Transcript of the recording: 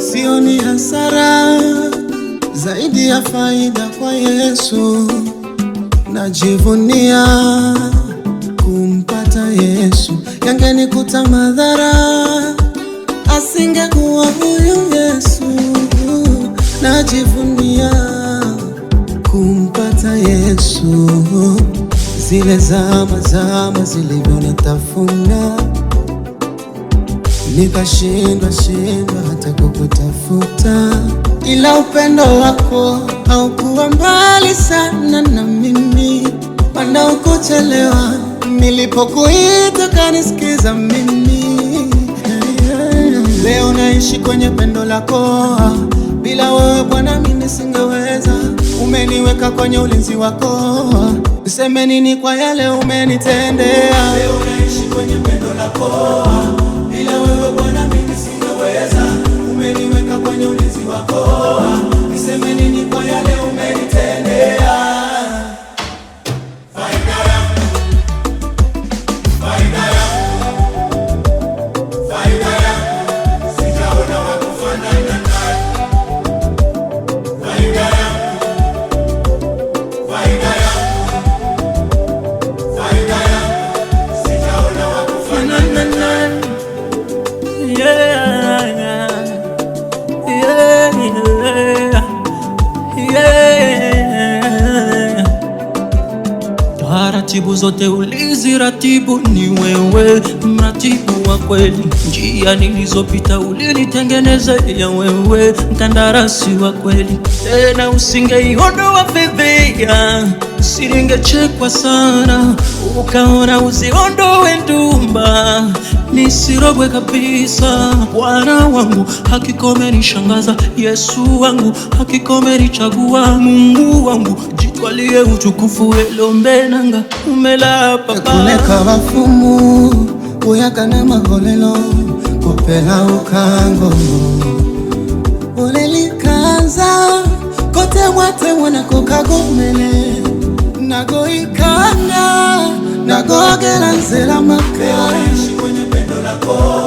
sioni hasara zaidi ya faida kwa Yesu, najivunia kumpata Yesu. Yangenikuta madhara, asingekuwa huyu Yesu. Najivunia kumpata Yesu, zile zama zama zilivyonitafuna nikashindwa shindwa hata kukutafuta, ila upendo wako haukuwa mbali sana na mimi. Panda ukuchelewa, nilipokuita kanisikiza mimi. Leo naishi kwenye pendo lako, bila wewe Bwana mimi singeweza. Umeniweka kwenye ulinzi wako, niseme nini kwa yale umenitendea? Leo naishi kwenye pendo lako taratibu zote uliziratibu, ni wewe mratibu wa kweli. Njia nilizopita ulinitengeneza, ya wewe mkandarasi wa kweli. Tena usingeiondoa fedhea, siringechekwa sana, ukaona uziondoe ndumba nisirogwe kabisa. Bwana wangu shangaza Yesu wangu chagua Mungu wangu jitwalie utukufu, elombe umelapa kakuneka bafumu uyakane magolelo kopela ukangomo olelikanza kotemwatemwa nakokagomele nagoikanga nagogela nzela kwenye maka